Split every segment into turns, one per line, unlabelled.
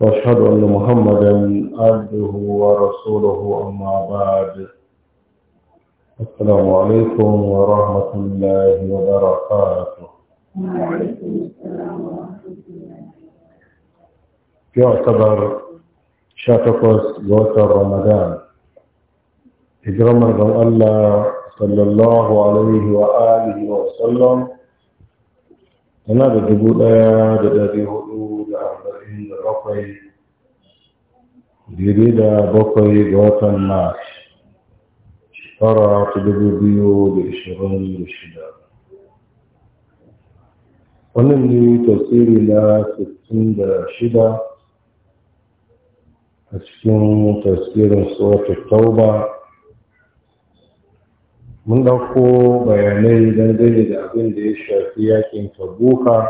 واشهد ان محمدا عبده ورسوله اما بعد السلام عليكم ورحمه الله وبركاته
وعليكم السلام ورحمه الله
يعتبر شاتقوس وتر رمضان اجرم الله صلى الله عليه واله وسلم أنا da dubu ɗaya arba'in da bakwai da bakwai ga watan mars tara ta dubu biyu da ishirin da shida wannan ne tasiri na sittin da shida a cikin tasirin tsohon tauba mun ɗauko bayanai dangane da abin da ya shafi yakin tabuka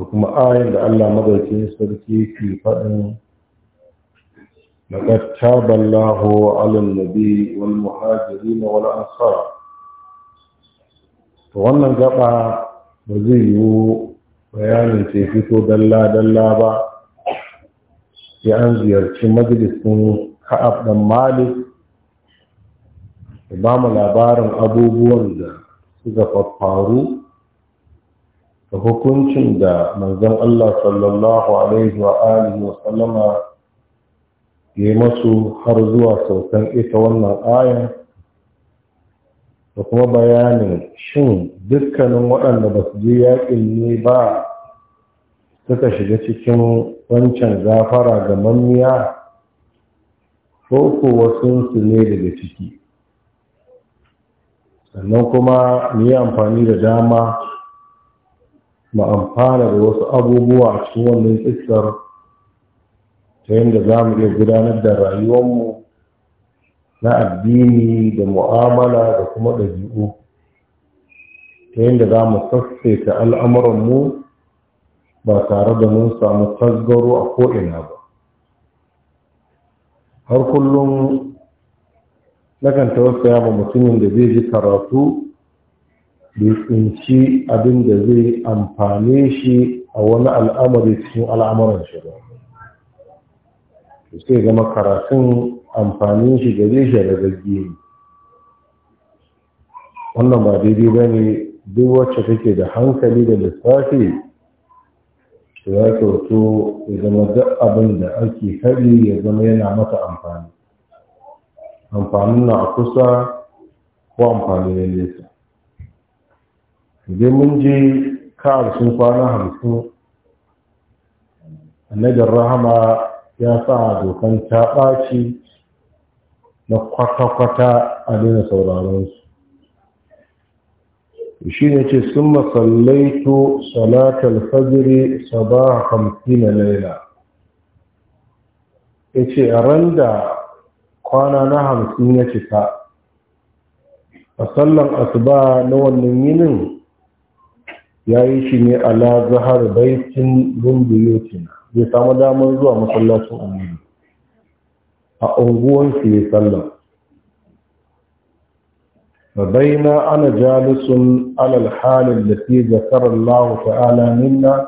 da kuma ayin da Allah madaukakin sarki ke faɗin لقد تاب الله na wani والمهاجرين والأنصار wannan gaba ba zai yiwu bayanin ce fito dalla-dalla ba sai an ziyarci majalisun ka'ab ɗan malik da ba mu labarin abubuwan da suka faru da hukuncin da manzon Allah sallallahu alaihi wa alihi wa sallama ya yi masu har zuwa saukan ita wannan aya da kuma bayanin shin dukkanin waɗanda ba su je yaƙin ne ba suka shiga cikin wancan zafara ga mamiya ko kuwa sun su ne daga ciki sannan kuma mu yi amfani da dama Ma amfana da wasu abubuwa a cikin wannan kissar ta yadda za mu iya gudanar da rayuwarmu na addini da mu'amala da kuma ɗabi'u ta yadda za mu sassaita al'amuranmu ba tare da mun samu tasgaro a ko'ina ba har kullum nakan tausaya ba mutumin da zai ji karatu bai abin da zai amfane shi a wani al'amari cikin al'amuran shi ba sai zama karatun amfanin shi zai shi da gaggi wannan ba daidai ba ne duk wacce take da hankali da lissafi su ya kyautu ya zama duk abin da ake haɗi ya zama yana mata amfani amfanin na a kusa ko amfani na nesa idan mun je ka'ar sun kwana hamsin annabin rahama ya sa dokan ta ɓaci na kwata-kwata a daina sauraronsu shi ne ce sun masallaito salatar fajiri hamsin na laila ya ce a ran da kwana na hamsin ya cika a sallan asuba na wannan yinin ya yi shi ne a na zahar baitin lumbiyotin zai samu damar zuwa masallacin annabi a unguwansu ya na sun alal halin da على الحال التي ذكر ta'ala تعالى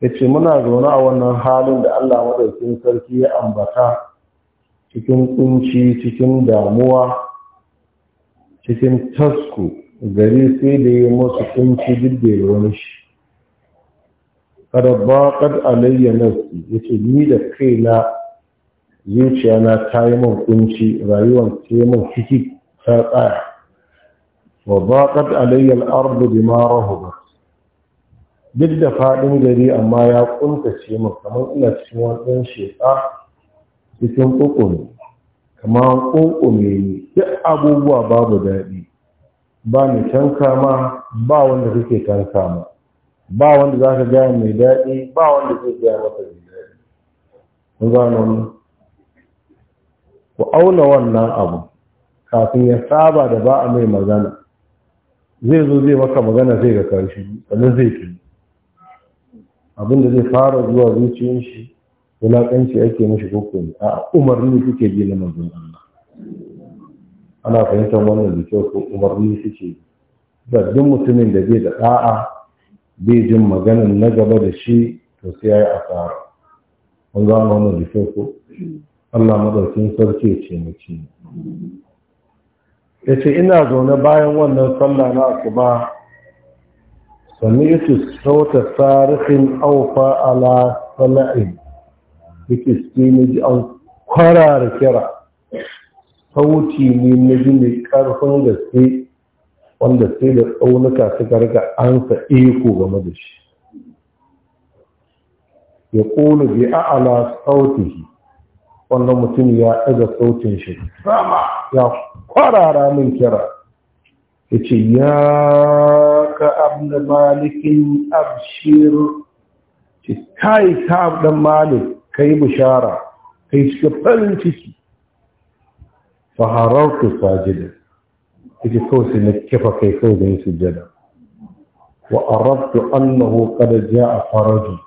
Ya ce muna zaune a wannan halin da Allah madaukin sarki ya ambata cikin kunci cikin damuwa cikin tasku gari sai da yi masu kunci duk da ya wani shi kada ba kad su nafsi yace ni da kaina zuciya na ta yi min kunci rayuwar ta yi min ciki ta tsaya wa ba alayyar alayya da ardu bima duk da faɗin gari amma ya ce min kamar ina cikin wani ɗan sheƙa cikin ƙuƙumi kamar ƙuƙumi ne duk abubuwa babu daɗi ba mai tanka ma ba wanda kake tanka ma ba wanda za ka gaya mai daɗi ba wanda zai gaya maka mai daɗi kun gano mu ku auna wannan abu kafin ya saba da ba a mai magana zai zo zai maka magana zai ga karshe sannan zai fi abinda zai fara zuwa zuciyar shi wulaƙanci ake mashi hukumi a umarni kuke ji na manzon Allah ana fahimtar wannan da kyau ko umarni suke da duk mutumin da bai da da'a bai jin maganin na gaba da shi to sai ya yi asara an gano da kyau ko Allah madaukin sarki ya ce mace ya ce ina zaune bayan wannan sallah na asuba sami yake sauta tarihin aufa ala sala'in yake sai ji an kwarara kira sauti ne na ji mai ƙarfin gaske wanda sai da tsaunuka suka rika ansa eko game da shi ya ƙone bi ala sautihi wannan mutum ya ɗaga sautin shi sama ya kwarara min kira ya ce ya ka abu malikin abshir ce kai ka abu malik kai bishara kai shiga farin ciki fa harartu sajida kike kawai sai na kifa kai kawai da sujjada wa arabtu annahu qad jaa faraji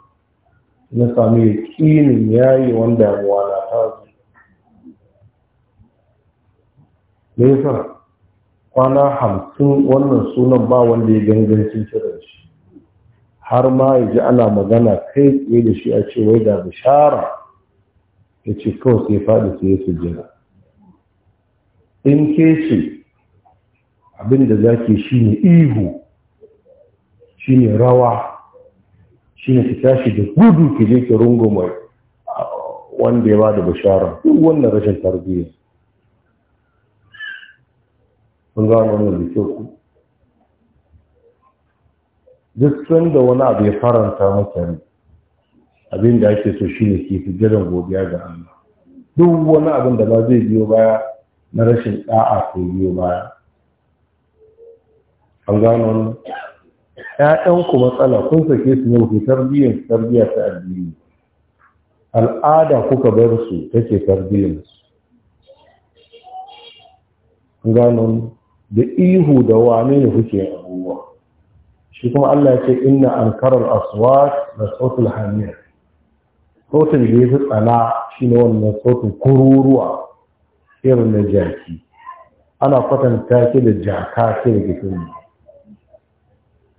na sami yakinin yayi wanda damuwa ta zo sa, kwana hamsin wannan sunan ba wanda ya gangancin kiran shi har ma ya ji ana magana kai tsaye da shi a ce wai ga bishara ya ce kawai sai faɗi sai ya sujjada in ke ce abin da za ke shi ne ihu shi ne rawa shi ne ki tashi da gudu ke je ki mai wanda ya ba da bishara duk wannan rashin tarbiyya sun gano wannan da kyau ku duk da wani abu ya faranta mutane abin da ake so shi ne ke fi jiran godiya ga Allah duk wani abin da ba zai biyo baya na rashin ɗa'a ko biyo baya an gano wannan ku matsala kun sake su ne ku tarbiyyar tarbiyya ta addini al'ada kuka bar su take tarbiyyar su an gano da ihu da wane ne kuke abubuwa shi kuma Allah ya ce inna ankarar aswat da sautul hanyar sautin da ya fi tsana shi ne wannan sautin kururuwa sir na jaki ana kwatanta ki da jaka ke da gidan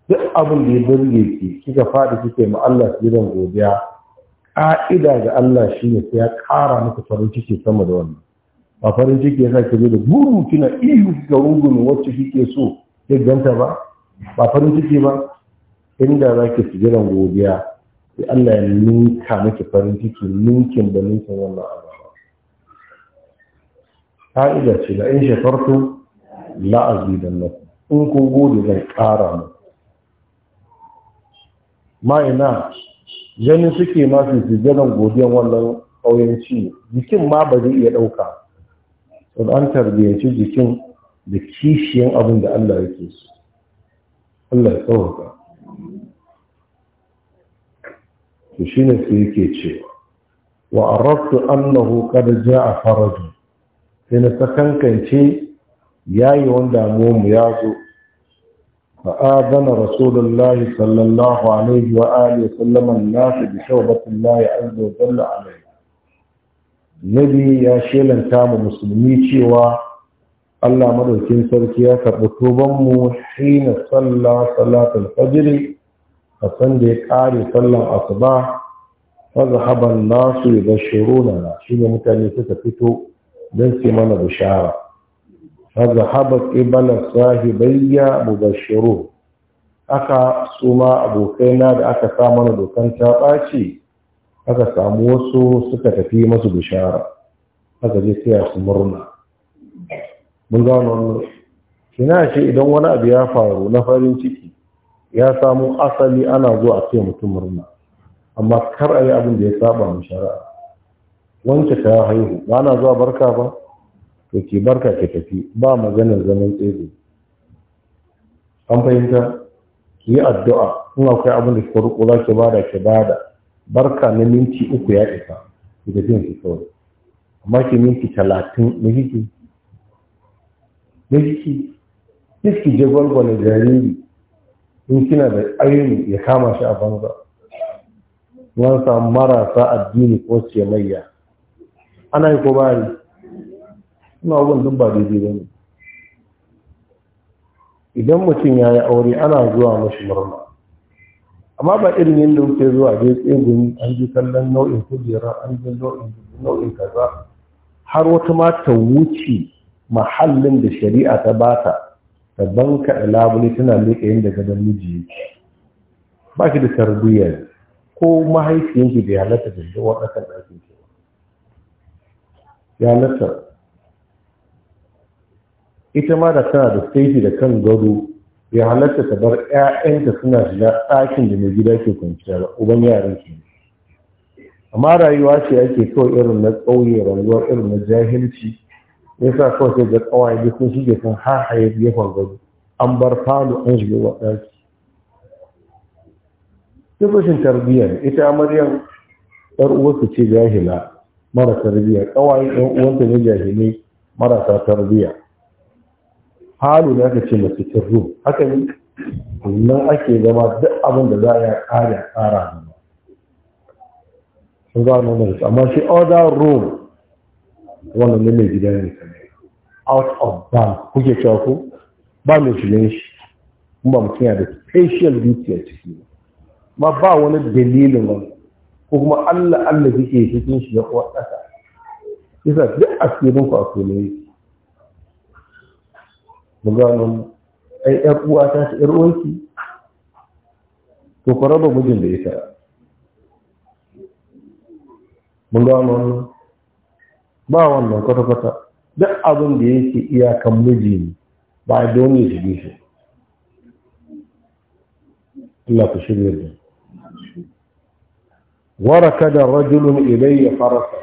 duk abin da ya burge ki kika faɗi kike ma Allah gidan godiya ka'ida ga Allah shi ne sai ya ƙara maka farin ciki sama da wannan ba farin ciki ya sa da buru kina ihu ga rungumin wacce kike so ya ganta ba ba farin ciki ba inda za ki ran godiya sai Allah ya ninka miki farin ciki ninkin da ninkin wannan abu Ka'ida ce da in la'azi da nasu in kun gode zai ƙara mu ma'ina ganin suke masu sujjanan godiyan wannan ƙauyenci jikin ma ba zai iya ɗauka sun an tarbiyyanci jikin da kishiyan abin da Allah yake su Allah ya tsawaka to shi ne su yake cewa wa arabtu annahu qad a farajin sai na sakankance yayi wanda mu ya zo fa adana rasulullahi sallallahu alaihi wa alihi sallama nasu bi shawbatullahi azza wa jalla alaihi nabi ya shelanta mu musulmi cewa Allah madaukin sarki ya karɓi tuban mu shine salla salatul fajr a san da ya ƙare sallan asuba fa zahaban nasu shi ne mutane suka fito don su mana bishara haza habat ibana sahibayya mubashiru aka su ma abokaina da aka sa mana dokan ta ɓaci aka samu wasu suka tafi masu bishara aka je sai su murna mun gano kina shi idan wani abu ya faru na farin ciki ya samu asali ana zuwa a ce mutum murna amma kar a yi abin da ya saba mu shari'a wanke ta haihu ba na zuwa barka ba to ki barka ki tafi ba maganar zaman tsebe an fahimta ki yi addu'a in akwai abin da kika ko za ki bada ki bada barka na minti uku ya isa ki da ki kawai amma ki minti talatin na jiki. na je gwalgwale jariri in kina da ayyuni ya kama shi a banza wansa marasa addini ko ce mayya ana yi ko ba suna abubuwan duk ba daidai ba ne idan mutum ya yi aure ana zuwa mashi murna amma ba irin da muke zuwa zai tsegun an ji kallon nau'in kujera an ji nau'in kaza har wata ma ta wuce mahallin da shari'a ta bata ta banka da labule tana leƙa yin daga don miji ba shi da tarbiyyar, ko mahaifiyanki da halatta da wata kan ɗakin ke ya nasa ita ma da tana da saifi da kan gado ya halatta ta bar 'ya'yanta suna shiga ɗakin da mai gida ke kwanciya ba uban yaran ke amma rayuwa ce ake kawai irin na ƙauye rayuwa irin na jahilci ya sa kawai sai ga ƙawaye da sun shige sun hahaye gefen gado an bar falo an shiga wa ɗaki duk rashin tarbiyya ita amaryan 'yar uwarsa ce jahila mara tarbiyya kawai ɗan uwanta ne jahilai marasa tarbiyya halu da aka ce masu kirru haka ne nan ake zama duk abin da za a yi ƙari a ƙara zama sun gano nan amma shi other room wannan ne mai gida ne out of bank kuke cewa ko ba mai shigen shi kuma mutum yana da special duty a ciki ba ba wani dalilin wani ko kuma Allah Allah kike cikin shi ya kuwa ƙasa isa duk asirin ku a kone yake mu gano ai 'yar uwa ta shi yar uwanki to ku raba mijin da ita mun gano ba wannan kwata-kwata duk abin da yake iyakan miji ne ba don ya shige shi Allah ku shirya da waraka da rajulun ilayya farasa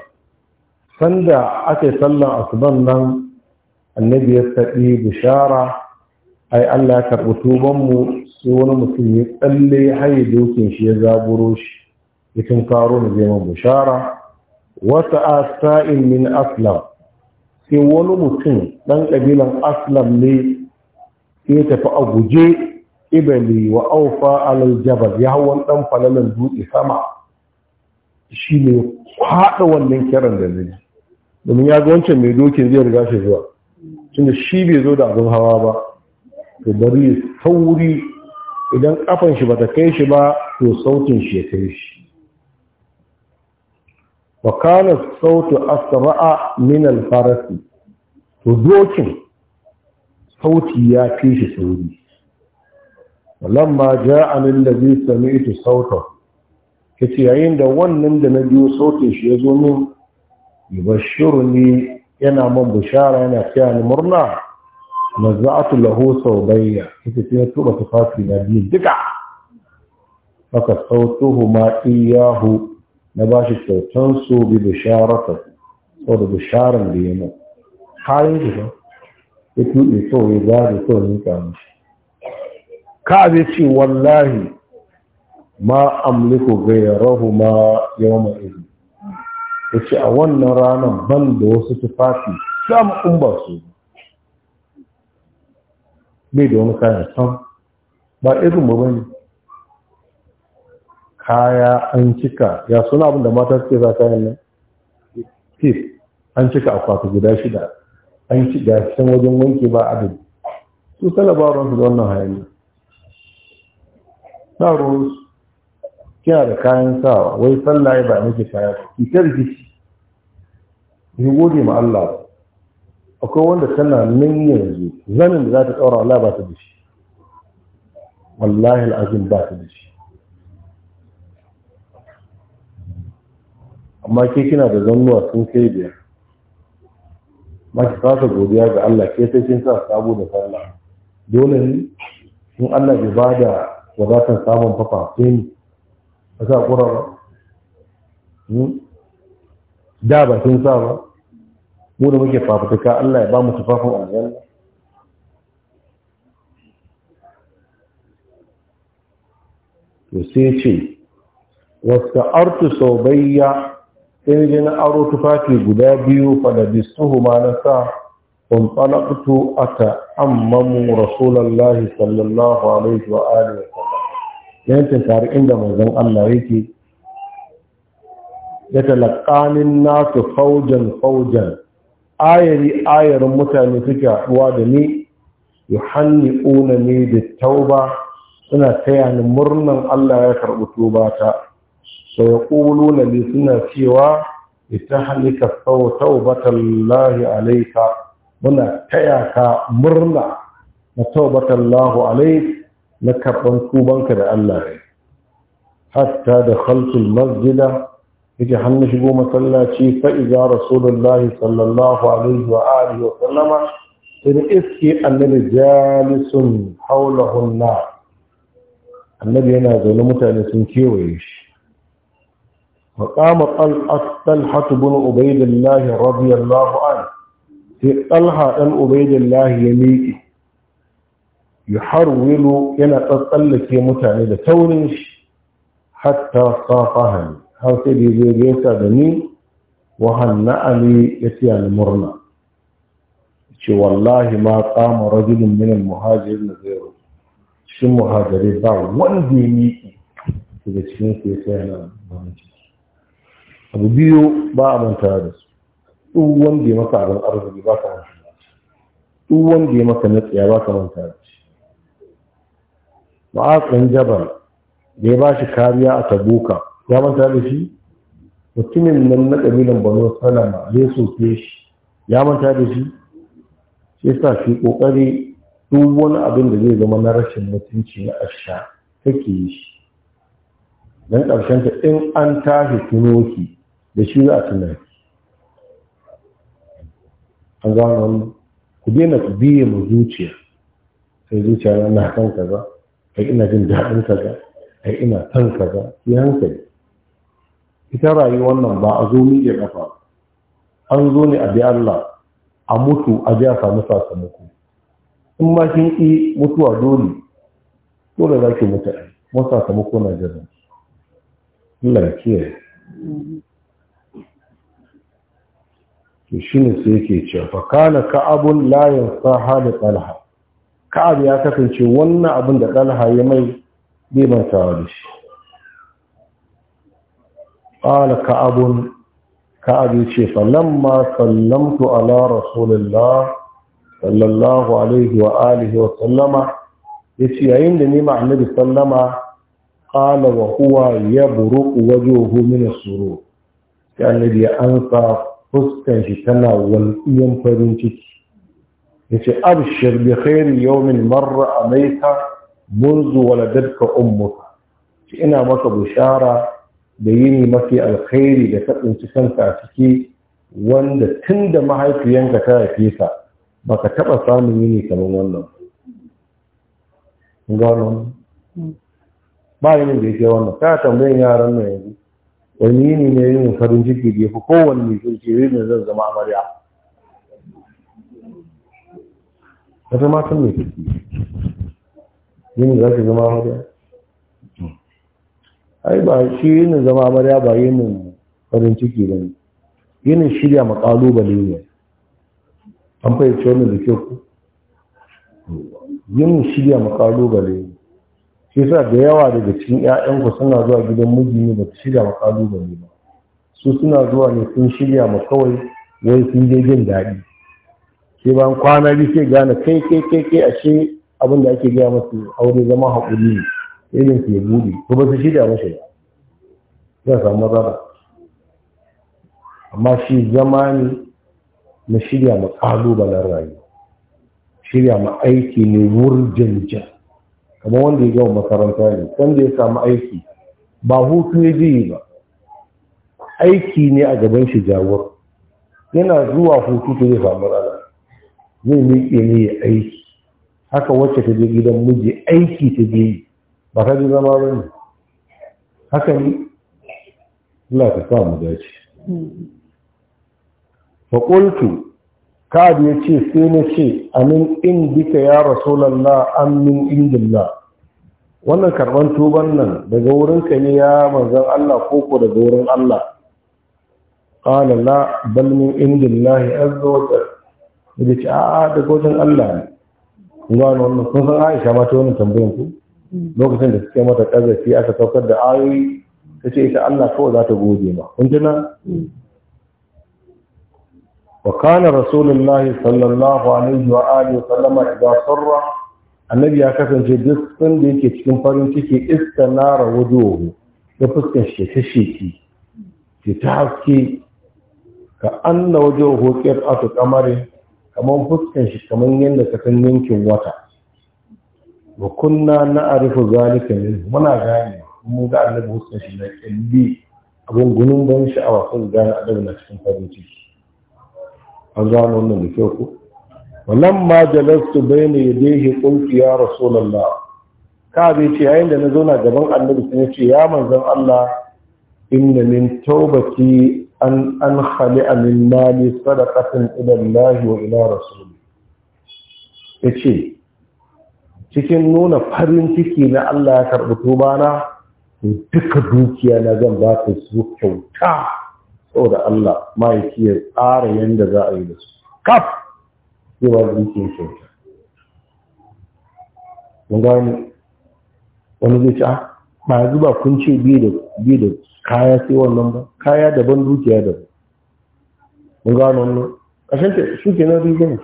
sanda aka sallar sallan asuban nan annabi ya bishara ai Allah ya karɓi tubanmu sai wani mutum ya tsalle haye dokin shi ya zaburo shi ya tunkaro na zai bishara wata asa'in min aslam sai wani mutum ɗan ƙabilan aslam ne sai tafi a guje ibali wa aufa alal jabal ya hawan ɗan falalan dutse sama shi ne kwaɗa wannan kiran da zai domin ya ga wancan mai dokin zai riga shi zuwa tunda shi bai zo da abin hawa ba to bari sauri idan kafan shi bata kai shi ba to sautin shi ya kai shi wa kana sautu asra'a min al-farasi to dokin sauti ya fi shi sauri lamma ja'a lil ladhi sami'tu sautan ya yayin da wannan da na biyo sautin shi ya zo min yubashiru ne yana man bishara yana taya ni murna maza'atu lahu saubayya ita sai ya tuba tufafi na biyu duka aka sautuhu ma iyahu na ba shi kyautan su bi bisharata da bisharan da ya mu kayan shi ba ya tuɗe so ya zaɗe kawai ya kamu ka zai ce wallahi ma amliku gairahuma yawma idin ce a wannan ranar ban da wasu tufafi sam in su bai da wani kayan sam ba irin ba bane kaya an cika ya suna abin da mata suke za kayan nan tif an cika akwati guda shida an ci gashin wajen wanke ba abin su kala ba su da wannan hayani na ruwa. kina da kayan sawa wai sallaye ba nake kaya ki tarki ki gode ma Allah akwai wanda tana nan yanzu zanin da za ta ɗaura Allah ba ta da shi wallahi al'azim ba ta da shi amma ke kina da zannuwa sun kai biyar ma ki kasa godiya ga Allah ke sai kin sa sabo da sallah dole ne in Allah ya bada wadatar samun fafa sai ba sa kura ba hmm? da ba sun sa ba mu da muke fafutuka Allah ya ba mu tufafin aljanna to sai ce wasu artu sau bayya sai ji na aro tufafi guda biyu falabistuhu ma na sa kun a ta'amman rasulallah sallallahu alaihi wa alihi wa yankin tare inda manzon Allah yake ya talaqanin nasu faujan faujan ayari ayarin mutane suke haɗuwa da ni yuhanni una ne da tauba suna taya ni murnan Allah ya karɓi tuba ta sai ya ƙulu na ne suna cewa ita halika sau lahi alaika muna taya ka murna na taubatallahi alaika na karɓar tubanka da Allah ne hatta da khalqul masjida yake hannu shigo masallaci fa'iza iza rasulullah sallallahu alaihi wa alihi wa sallama in iski annabi jalisun hawlahu annabi yana zaune mutane sun kewaye shi وقام طلحة بن عبيد الله رضي الله sai في طلحة بن عبيد الله يميكي yuharwilu yana tsallake mutane da taurin shi hatta safahani har sai da zai gaisa da ni wa hanna'ani ya tiya ni murna ce wallahi ma kama rajulun min al-muhajir na zairu shi muhajiri ba wanda ya miƙi daga cikin su ya sai na bayan ciki abu biyu ba a manta da su duk wanda ya masa abin arziki ba ka manta duk wanda ya maka na tsaya ba ka manta da su. ma'aƙin jabar da ya ba shi kariya a tabuka ya manta da shi mutumin nan na ƙabilan banu salama zai soke shi ya manta da shi sai sa shi ƙoƙari duk wani abin da zai zama na rashin mutunci na asha take yi shi don ƙarshen ta in an tashi tunoki da shi za a tuna an gano ku daina ku biye mu zuciya sai zuciya na kan kaza ai ina jin daɗin kaza ai ina son kaza ki hankali ita rayuwar nan ba a zo miƙe ƙafa an zo ne a bi Allah a mutu a ji a samu sakamako in ma kin ƙi mutuwa dole dole za ki mutu kuma sakamako na jira Allah ya kiyaye to shine sai yake cewa fa kana ka'abun la yansa hali talha ka'ab ya kasance wannan abin da ɗalha ya mai bai mantawa da shi ƙala ka'abun ka'ab ya ce ma sallamtu ala rasulillah sallallahu alaihi wa alihi wa sallama ce yayin da nema annabi sallama ƙala wa huwa yabruqu wajhuhu min as suru. ya annabi ya ansa fuskan shi tana walƙiyan farin ciki yace abshir bi khairi yawmin marra munzu منذ ummuka shi ina maka bishara da yini mafi alkhairi da ka cikin ka ciki wanda tun da mahaifiyanka ta haife ka baka taba samun yini kamar wannan gano ba yini da yake wannan ta tambayin yaran nan yanzu wani yini ne yin farin ciki da fi kowanne yake ce zan zama amarya ba ta matan mai tafi yin za ka zama amarya ai ba shi yin zama amarya ba yin farin ciki ba ne yin shirya ba ne an fahimci wani da ku. yin shirya ba ne shi sa da yawa daga cikin 'ya'yanku suna zuwa gidan miji ne ba shirya makalubale ba su suna zuwa ne sun shirya ma kawai wai sun je jin daɗi sai ban kwana biyu sai gane kai kai kai kai ashe abin da ake gaya masu aure zama haƙuri ne irin su ya bude ko ba su shirya mashi ba zai samu matsala amma shi zama ne na shirya ma ƙalubalen rayuwa shirya ma aiki ne wurjanja kamar wanda ya gama makaranta ne sanda ya samu aiki ba hutu ya yi ba aiki ne a gaban shi jawar yana zuwa hutu ta zai samu rana zai miƙe ne ya aiki haka wacce ta je gidan miji aiki ta je yi ba ka ji zama ba ne haka ne Allah ka sa mu dace fa qultu kad ya ce sai na ce amin in bika ya rasulullah amin indillah wannan karban tuban nan daga wurin ka ne ya manzon Allah ko ko daga wurin Allah qala la bal min indillahi azza wa jalla da ce a daga wajen Allah ne gano wannan sun san Aisha ma ta wannan tambayan ku mm. lokacin da suke mata kazafi aka saukar da ayoyi ta ce ita Allah kawai za ta goge ma kun tuna mm. wa kana rasulullahi sallallahu alaihi wa alihi sallama idan sarra annabi ya kasance duk sanda yake cikin farin ciki istanara wujuhu ya fuskar shi ta sheki ta haske ka anna wajen hoƙiyar asu kamari kamar fuskan shi kamar yadda ka san yankin wata Ba kunna na arifu zalika min muna gane mu ga annabi fuskan shi na kalli abin gunun ban sha'awa kun gane adabi na cikin farin ciki an gano wannan da kyau ko ma jalastu bayna yadayhi qultu ya rasulullah kabe ce yayin da na zo na gaban annabi sun ce ya manzon Allah inna min tawbati an an khali'a min mali sadaqatan ila Allah wa ila Ya yace cikin nuna farin ciki na Allah ya karɓi tuba na duka dukiya na zan ba ta su kyauta da Allah ma yake tsara yadda za a yi da su kaf zai ba dukiyar kyauta mun gani wani zai ci a ba yanzu ba kun ce biyu da kaya sai wannan ba kaya daban dukiya daban mun gano wannan ƙashin ta su ke na rigon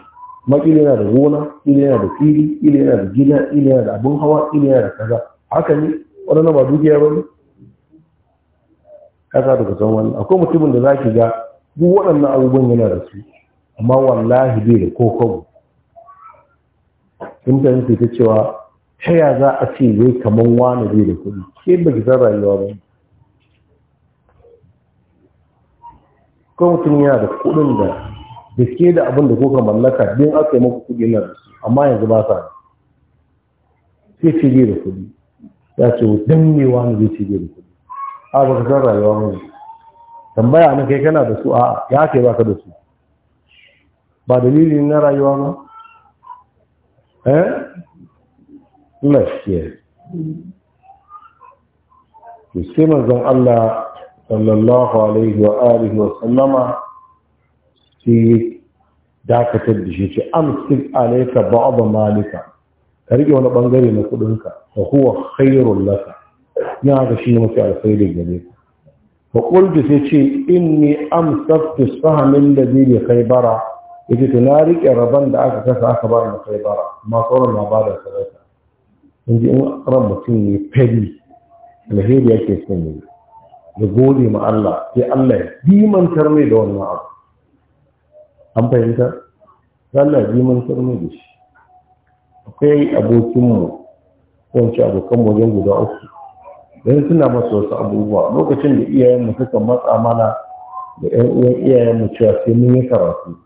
ma yana da gona ili yana da fili ili yana da gida ili yana da abin hawa ili yana da kaza haka ne waɗannan ba dukiya ba ne kasa daga san wannan akwai mutumin da za ki ga duk waɗannan abubuwan yana da su amma wallahi bai da ko kabu sun ta cewa ta ya za a ce wai kamar wani zai da kuɗi ke ba ki zara rayuwa ba ko mutum yana da kuɗin da da ke da abin da kuka mallaka din aka yi muku kudi na da su amma yanzu ba sa sai ce da kuɗi ya ce dan ne wani zai ce da kuɗi a ba ka zara rayuwa ba tambaya na kai kana da su a ya ba ka da su ba dalilin na rayuwa ba eh Allah shi sai manzon Allah sallallahu alaihi wa alihi wa sallama shi dakatar da shi ce amsik ba ba malika ka rike wani bangare na kudinka ka huwa khairul laka ya ga shi mafi alkhairi gare ka fa qultu sai ce inni amsaktu sahamin da bara, khaybara ce to na rike rabon da aka kasa aka ba ni khaybara ma sauran ma ba da sadaka in ji in ran mutum ne fari alheri yake son yi ya gode ma Allah sai Allah ya dimantar mai da wannan abu an fahimta sai Allah ya dimantar mai da shi akwai abokinmu ci abokanmu wajen guda uku don suna masa wasu abubuwa lokacin da iyayenmu suka matsa mana da ƴan uwan iyayenmu cewa sai mun yi karatu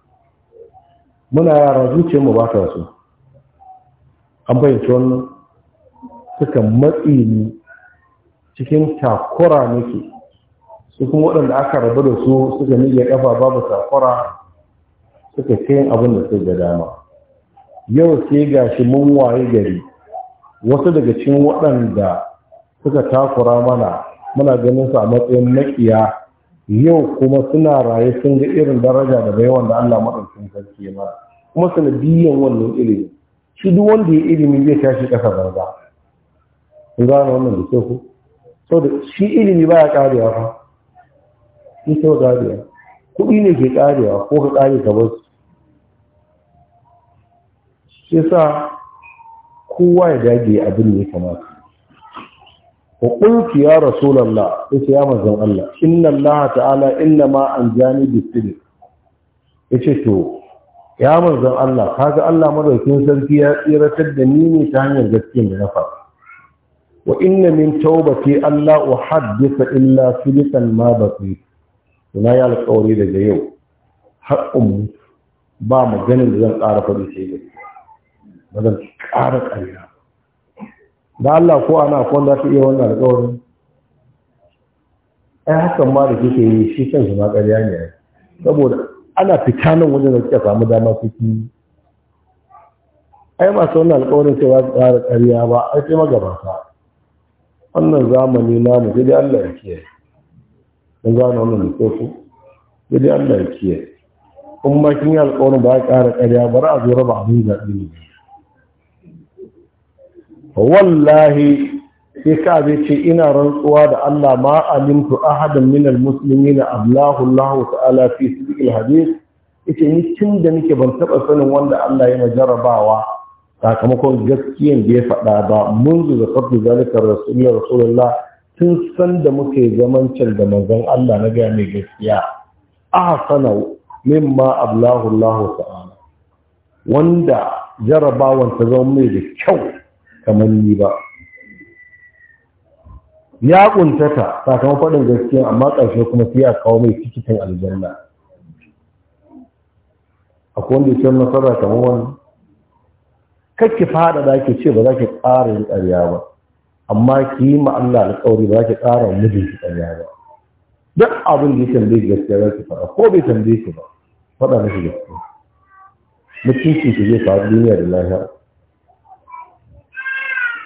muna yara zuciyarmu ba ta so an fahimci wannan suka matsi ni cikin takura nake su kuma waɗanda aka rabu da su suka nige ƙafa babu takura suka kai abin da suka dama yau sai gashi mun waye gari wasu daga cikin waɗanda suka takura mana muna ganin su a matsayin maƙiya yau kuma suna raye sun ga irin daraja da bai wanda Allah maɗaukin sarki ya mana, kuma sanadiyyan wannan ilimi shi duk wanda ya ilimi zai tashi ƙasa banza kun gano wannan da ke ku so da shi ilimi ba ya karewa fa shi ta karewa kuɗi ne ke karewa ko ka kare ka bar shi sa kowa ya dage abin ya kamata wa qultu ya rasu lalla, ya mazan Allah inna Allah ta'ala inna ma anjani Ya ce to ya mazan Allah kaga Allah madaukin sarki ya tsiratar da ni ne ta hanyar gaske da na faɗa wa inna min taubati Allah uhaddisa illa sidiqan ma baqi ina ya alƙawari daga yau haƙƙin ba mu da zan ƙara faɗi sai da ba zan ƙara ƙarya da Allah ko ana ko za ta iya wannan alƙawarin ai hakan ma da kike yi shi kan ma ƙarya ne saboda ana fita nan wajen da kika samu dama kuki ai masu wannan alƙawarin cewa ƙara ƙarya ba ai sai magabata wannan zamani namu sai dai Allah ya kiyaye mun gano wannan da ko sai dai Allah ya kiyaye kun ma kin yi alƙawarin ba ya ƙara ƙarya ba a zo raba abin zaɓi ne wallahi sai ka zai ce ina rantsuwa da Allah ma alimtu ahadan min almuslimin Allahu Allah ta'ala fi sidiqil hadith yace ni tun da nake ban taba sanin wanda Allah ya jarabawa sakamakon gaskiyan da ya faɗa ba mun zuwa kafin zalika rasulullah rasulullah tun san da muke zamancin da manzon Allah na gaya mai gaskiya ahsana mimma ablahu Allah ta'ala wanda jarabawan ta zama mai da kyau kamar ni ba ya kuntata sakamakon faɗin gaskiya amma ƙarshe kuma sai a kawo mai tikitin aljanna akwai wanda ya ce nasara kamar wani kakki fada da ake ce ba za ki ƙara yin ƙarya ba amma ki yi ma Allah alƙawari ba za ki ƙara mijin ki ƙarya ba duk abin da ya tambaye ki gaskiya za ki faɗa ko bai tambaye ki ba faɗa mishi gaskiya mutunci ki zai faru duniya da lahiya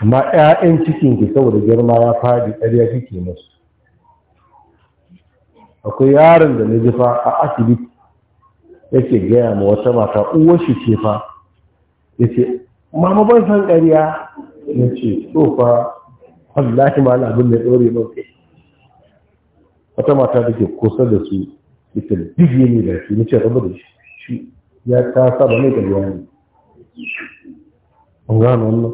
amma ƴaƴan cikin ki saboda girma ya fadi ƙarya kike musu akwai yaron da na ji fa a asibiti yake gaya ma wata mata uwar shi ce fa yace mama ban san ƙarya ya ce tsofa fa wallahi ma abin da ɗore ba kai wata mata da ke kusa da su ita bibiye ne da shi nace rabu da shi ya ta saba mai ƙarya ne an gano wannan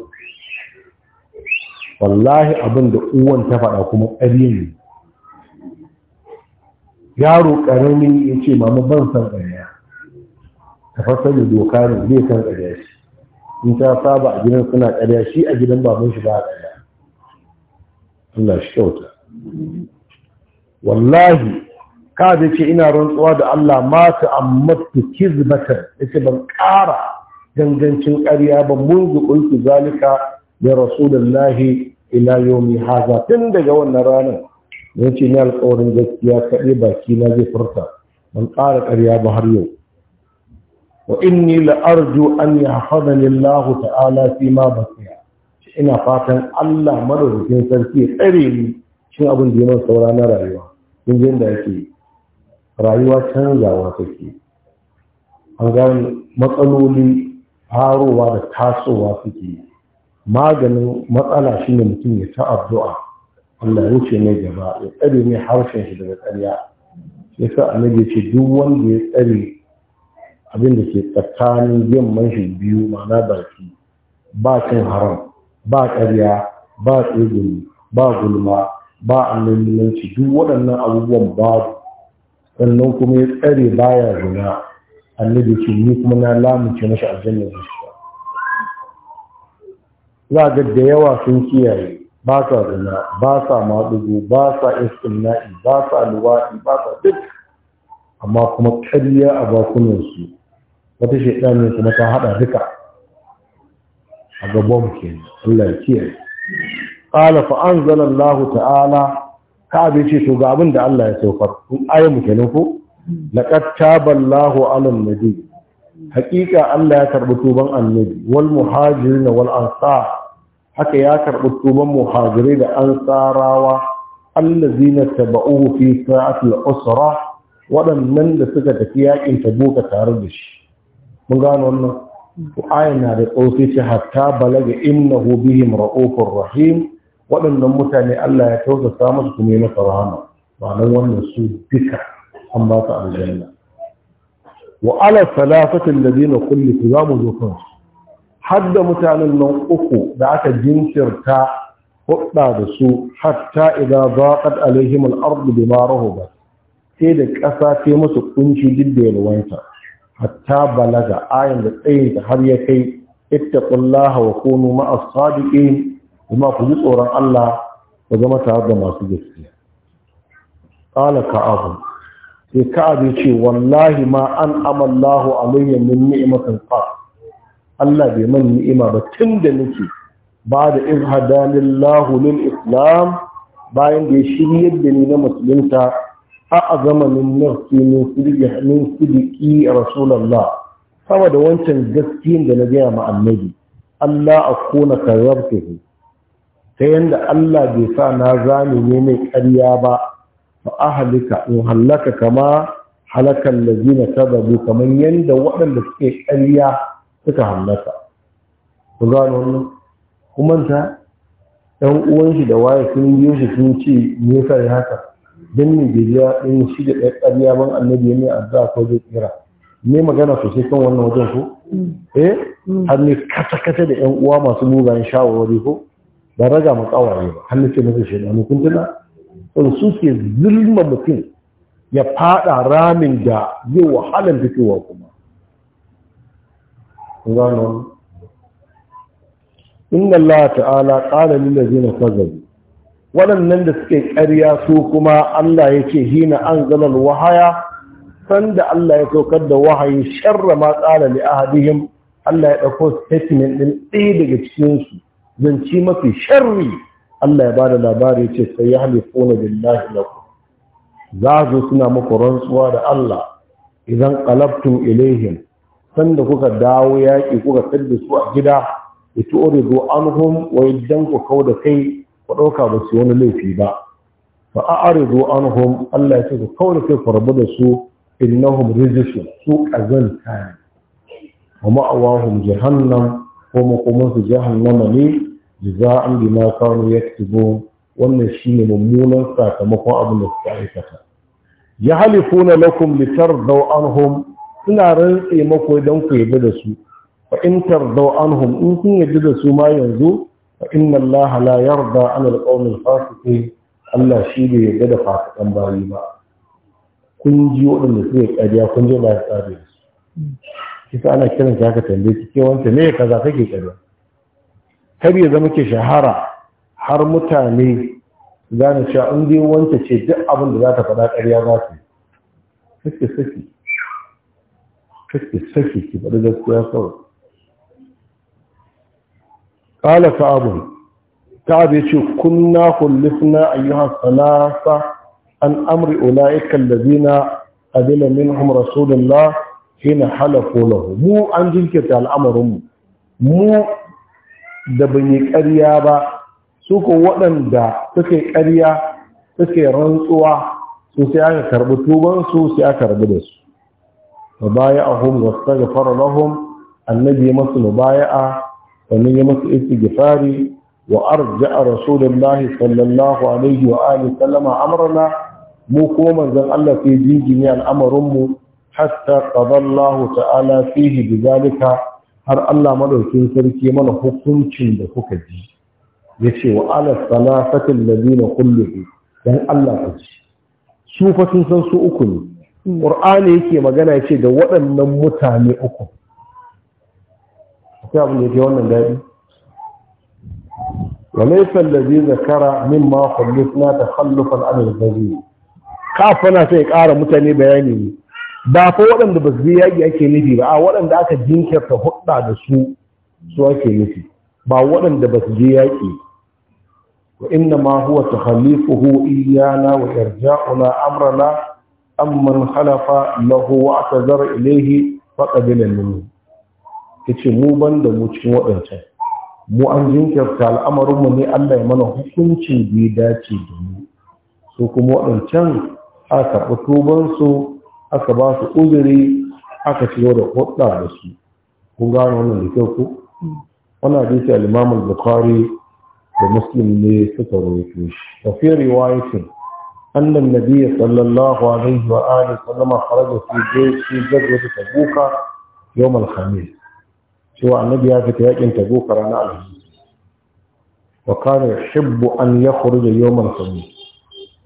wallahi abin da uwan ta faɗa kuma ƙarya ne yaro ƙarami ya ce mama ban san ƙarya ta fasa da doka ne zai san ƙarya shi in ta saba a gidan suna ƙarya shi a gidan baban shi ba a ƙarya Allah shi kyauta wallahi ka ce ina rantsuwa da Allah ma ta ammatu kizbatan ce ban ƙara gangancin ƙarya ba munzu qultu zalika ya rasulullahi ila yomi haza tun daga wannan ranar yace ni alƙawarin gaskiya kaɗai baki na zai furta ban ƙara ƙarya ba har yau wa inni la'arju an ya hadani Allah ta'ala fi ma basiya ina fatan Allah madaukakin sarki ya tsare ni cin abin da yaman saura na rayuwa in jin da yake rayuwa canzawa take an gane matsaloli farowa da tasowa suke maganin matsala shine mutum ya ta addu'a Allah ya wuce mai gaba ya tsare ne harshen shi daga ƙarya yasa annabi ce duk wanda ya tsare abin da ke tsakanin yin manshi biyu mana baki ba cin haram ba ƙarya ba tsegumi ba gulma ba annabiyanci duk waɗannan abubuwan babu sannan kuma ya tsare baya zina annabi ce ni kuma na lamunce mashi aljanna zuciya za ga da yawa sun kiyaye ba sa zina ba sa maɗugo ba sa istimna'i ba sa luwaɗi ba sa duk amma kuma ƙarya a bakunansu wata shaidan ne kuma ta hada duka a gaban ke Allah ya kiyaye qala fa anzala Allah ta'ala ka bi ce to ga abin da Allah ya saukar kun ayi mu kenan ko laqad taba Allah 'ala an-nabi haqiqa Allah ya karbi tuban annabi wal muhajirin wal ansar haka ya karbi tuban muhajirai da ansarawa allazina tabauhu fi sa'atil usra waɗannan da suka tafi yakin tabuka tare da shi mun gano wannan to na da tsofi ce hatta balaga innahu bihim ra'ufur rahim waɗannan mutane Allah ya tausasa musu kuma yi masa rahama ma'anar wannan su duka an ba su aljanna wa ala salafatin da zina kulli ku za mu zo kansu har da mutanen nan uku da aka jinkirta hudda da su hatta idan zaqat alaihim al-ardu bima ba, sai da ƙasa sai musu kunci duk da yalwanta hatta balaga ayan da tsayin ta har ya kai ita ittaqullaha wa kunu ma'as sadiqin kuma ku ji tsoron Allah ku zama tare da masu gaskiya qala abu sai ka ya ce wallahi ma an amallahu alayya min ni'matin fa Allah bai man ni'ima ba tun da nake ba da izhadanillahu lil islam bayan da ya shiryar da ni na musulunta أعظم من نفسي من صدق من صدقي رسول الله سوى ده وانشان جسكين ده مع النبي الله أكون كذبته فين ده الله جيسا نازاني يمي كريابا فأهلك وهلك كما حلك الذين كذبوا كما يند وأن بسكي كريا تكهلك وقالوا kuma ta ɗan uwan shi da waye sun biyo shi sun ce don ne bai ji ɗin shi da ɗaya ƙarya ban annabi ne a da ko zai tsira ne magana sosai kan wannan wajen ko mm. eh mm. har ne kata-kata da ƴan uwa masu mugayen shawarwari ko ba raga mu kawaye ba har ce masa shi ne kun tuna su ke zulma mutum ya fada ramin da zai wahalar fitowa kuma gano inna Allah ta'ala qala lil ladina kazabu waɗannan da suke ƙarya su kuma Allah ya ce hina an zanar wahaya sanda Allah ya saukar da wahayi sharra ma tsara li ahadihim Allah ya ɗauko statement ɗin ɗaya daga cikinsu zanci mafi sharri Allah ya ba da labari ya ce sai ya halifuna billahi ku. za su suna muku rantsuwa da Allah idan qalabtum ilaihim sanda kuka dawo yaƙi kuka tsar da su a gida ya tu'ridu anhum wa yaddan ku kauda kai ku ba su wani laifi ba fa an hom. Allah ya ce ku kawai kai ku da su innahum rijsun su kazanta ne wa ma'awahum jahannam ko makoman su jahannama ne jaza'an bima kanu yaktubun wannan shine mummunan sakamakon abin da suka aikata ya halifuna lakum an anhum suna rantse mako don ku yabi da su fa in an anhum in kun yabi da su ma yanzu fa inna Allah la yarda an alqawm alfasiqin Allah shi bai yarda da fasikan bayi ba kun ji waɗanda suke ƙarya kun je ba ya tsare su kisa ana kiran ki haka tambaye ki ke ne? me kaza kake ƙarya kar ya zama ke shahara har mutane gane cewa in dai wance ce duk abin da za ta faɗa ƙarya za su yi. sake saki, sake saki, ki faɗi gaskiya kawai qala ka'ab ka'ab yace kunna khulifna ayyuha salasa an amri ulaika alladhina adila minhum rasulullah hina halafu lahu mu an jinkirta al'amarin mu mu da ban yi ƙarya ba su waɗanda suke ƙarya suke rantsuwa su aka karɓi tubansu sai aka karɓi da ba baya a hum wasu ta gafara lahum annabi masu ba baya a sannan ya masa istighfari wa arja'a rasulullahi sallallahu alaihi wa alihi sallama mu kuma manzon Allah sai jingine al'amarin mu hatta qadallahu ta'ala fihi bizalika har Allah maɗaukin sarki mana hukuncin da kuka ji yace wa ala salafatil ladina kulluhu dan Allah ku su fa sun san su uku ne Qur'ani yake magana yace da waɗannan mutane uku sai abin da ke wannan daɗi وليس الذي ذكر مما خلفنا تخلفا عن الغزو kafana sai ƙara mutane bayani ne ba fa waɗanda ba su yaƙi ake nufi ba a waɗanda aka jinkirta hudda da su su ake nufi ba waɗanda ba su je yaƙi wa inna ma huwa takhalifuhu iyana wa irja'una amrana amman khalafa lahu wa atazara ilayhi faqad minhu ta ce mu ban da mu cikin waɗancan mu an jinkirta al'amarinmu ne allah ya mana hukuncin da ya dace da mu su kuma waɗancan aka karɓi su, aka ba su uzuri aka shigo da hudda da su kun gano wannan da kyau ku wannan da yake al-bukhari da muslim ne suka rawaito shi wa fi riwayatin anna an sallallahu alaihi wa alihi sallama su, zai jayshi gazwat tabuka yawm cewa annabi ya fita yakin tabuk ranar alhamis wa kana yuhibbu an yakhruja yawm al-khamis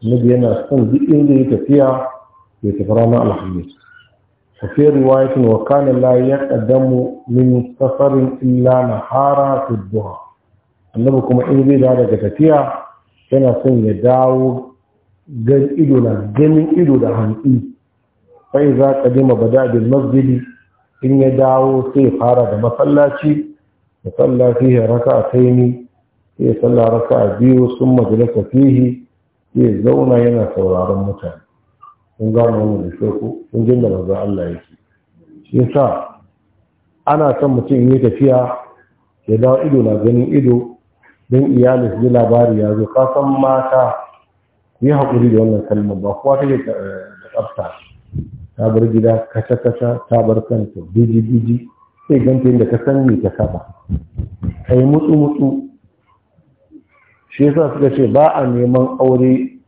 annabi yana son duk inda ya tafiya ya tafi ranar alhamis fa fi riwayatin wa kana la yaqaddamu min safarin illa nahara fi annabi kuma in zai dawo daga tafiya yana son ya dawo gan ido na ganin ido da hantsi fa iza qadima bada bil masjidi in ya dawo sai fara da masallaci masallaci ya raka a raka taini sai ya salla raka biyu sun majalisa fihi sai ya zauna yana sauraron mutane sun gano mu da shoku sun da manzo Allah yake shi yasa ana son mutum yi tafiya ya dawo ido na ganin ido don iyali su ji labari ya zo kasan mata yi haƙuri da wannan kalmar ba kowa take da eh, tsafta ta bar gida kasa-kasa ta bar kanta biji-biji sai ganta yadda ka san me ta saba yi mutu-mutu shi yasa suka ce ba a neman aure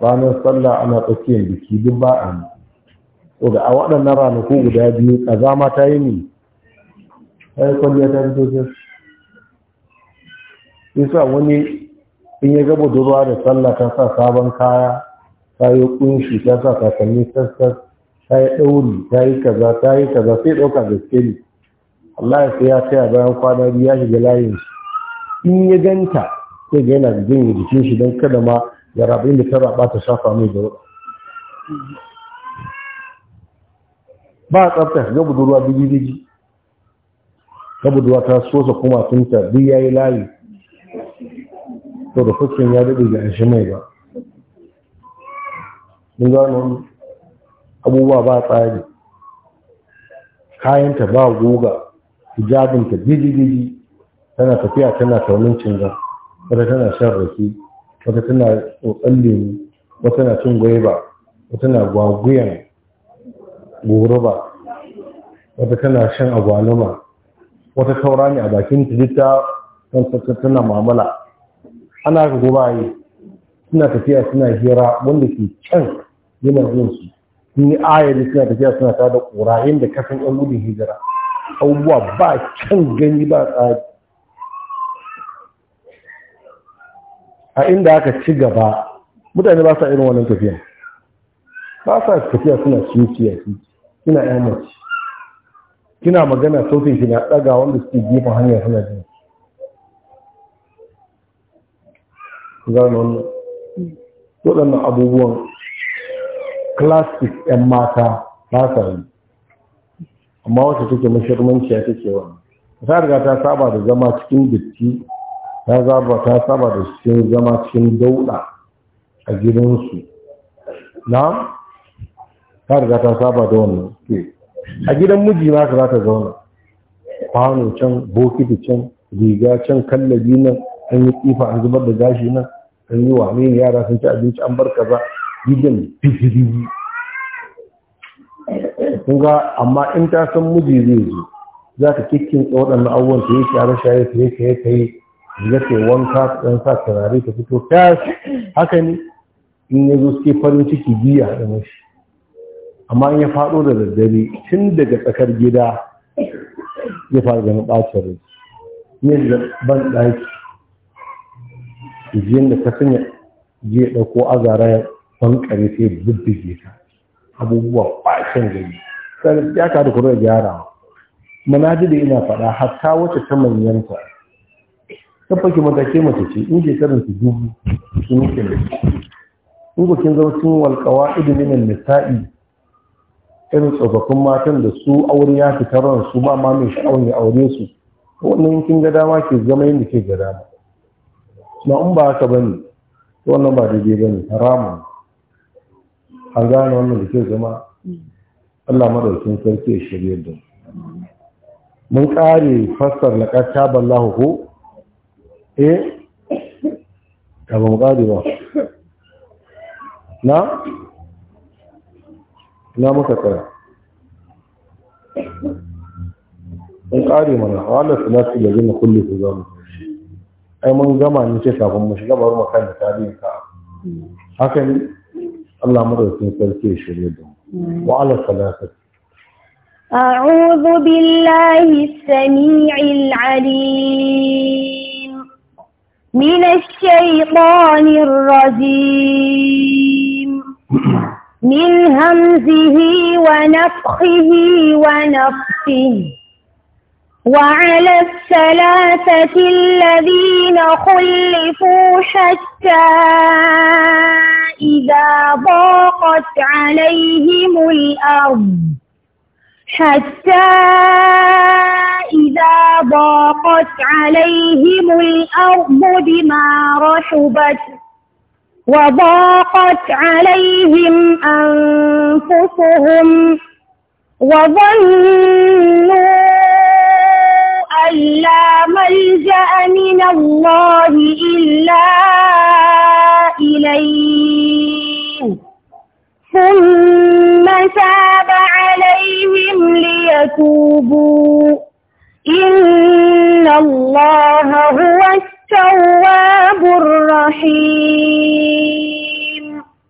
ranar sallah ana tsakiyar biki duk ba a ne to ga a waɗannan ranaku guda biyu kaza ma ta yi ne ta yi kwalliya ta fito sai yasa wani in ya gaba budurwa da sallah ta sa sabon kaya ta yi kunshi ta sa kakanni sassas ta yi ɗauri ta yi kaza ta yi kaza sai ɗauka gaske ne Allah ya sai ya taya bayan kwana biyu ya shiga layin shi in ya ganta sai ga yana jin jikin shi don kada ma ya rabu inda ta raba ta shafa mai da ruwa ba a tsafta ga budurwa bigi biji ga budurwa ta sosa kuma tunta duk ya yi layi to da fuskin ya daɗe ga ashe mai ba. Mun gano abubuwa ba tsari kayanta ba goga hijabinta gidi-gidi tana tafiya tana taunin cinga wata tana shan rake wata tana tsotsan lemu wata na cin gwaiba wata na gwaguyan goruba wata tana shan agwaluma wata taura ne a bakin tilita tana mamala ana ga goba yi suna tafiya suna hira wanda ke can yana zuwan su sun yi ayari suna tafiya suna ta da ƙura'in da kasan yan gudun hijira abubuwa ba can gani ba tsari a inda aka ci gaba mutane ba sa irin wannan tafiya ba sa tafiya suna cikiya suna yamaci kina magana sautin shi na ɗaga wanda suke gefen hanyar suna jin mm. waɗannan abubuwan classic ɗan mata ta sami amma wacce take ya take wa ta riga ta saba da zama cikin datti ta zaba ta saba da cikin zama cikin dauɗa a gidansu na ta riga ta saba da wannan ke a gidan miji na ka za ta zauna kwano can bokiti can riga can kallabi nan an yi kifa an zubar da gashi nan an yi wa ne yara sun ci abinci an bar kaza gidan bifiri kun amma in ta san miji zai zo za ka kikin waɗannan abubuwan ta yi share share ta yi ka kai ka yi wanka ta ɗan sa turare ta fito ta haka ne in ya zo suke farin ciki biya da mashi amma in ya faɗo da daddare tun daga tsakar gida ya fara gani ɓacin rai yin da ban ɗaki jiyan da ka sanya je ɗauko azara bankare sai bubbuge ta abubuwa kwashin gari sai ya ka da kuma gyara manaji da ina faɗa hatta wacce ta manyanta ta fake ke mace ce in shekarun su dubu sun ke ne in ku kin zama cikin walƙawa idimin nisa'i irin tsofaffin matan da su aure ya fita taron su ba ma mai sha'awar ya aure su wannan kin ga dama ke zama yadda ke ga dama na in ba haka bane wannan ba daidai ne haramun an gane wannan da ke zama Allah madaukin sarki ya shirye da mun kare fassar na ƙarta ballahu ko eh ka ba mu kare ba na na muka tsaya mun kare mana wala salatu da zina kulli su zama ai mun gama ni ce kafin mu shiga bari mu kan da tarihin ka haka ne الله مرة تركي شريدهم وعلى ثلاثة
أعوذ بالله السميع العليم من الشيطان الرجيم من همزه ونفخه ونفخه وعلى الثلاثة الذين خلفوا حتى إذا ضاقت عليهم الأرض حتى إذا ضاقت عليهم الأرض بما رحبت وضاقت عليهم أنفسهم وظنوا أن لا ملجأ من الله إلا وتوبوا إن الله هو التواب الرحيم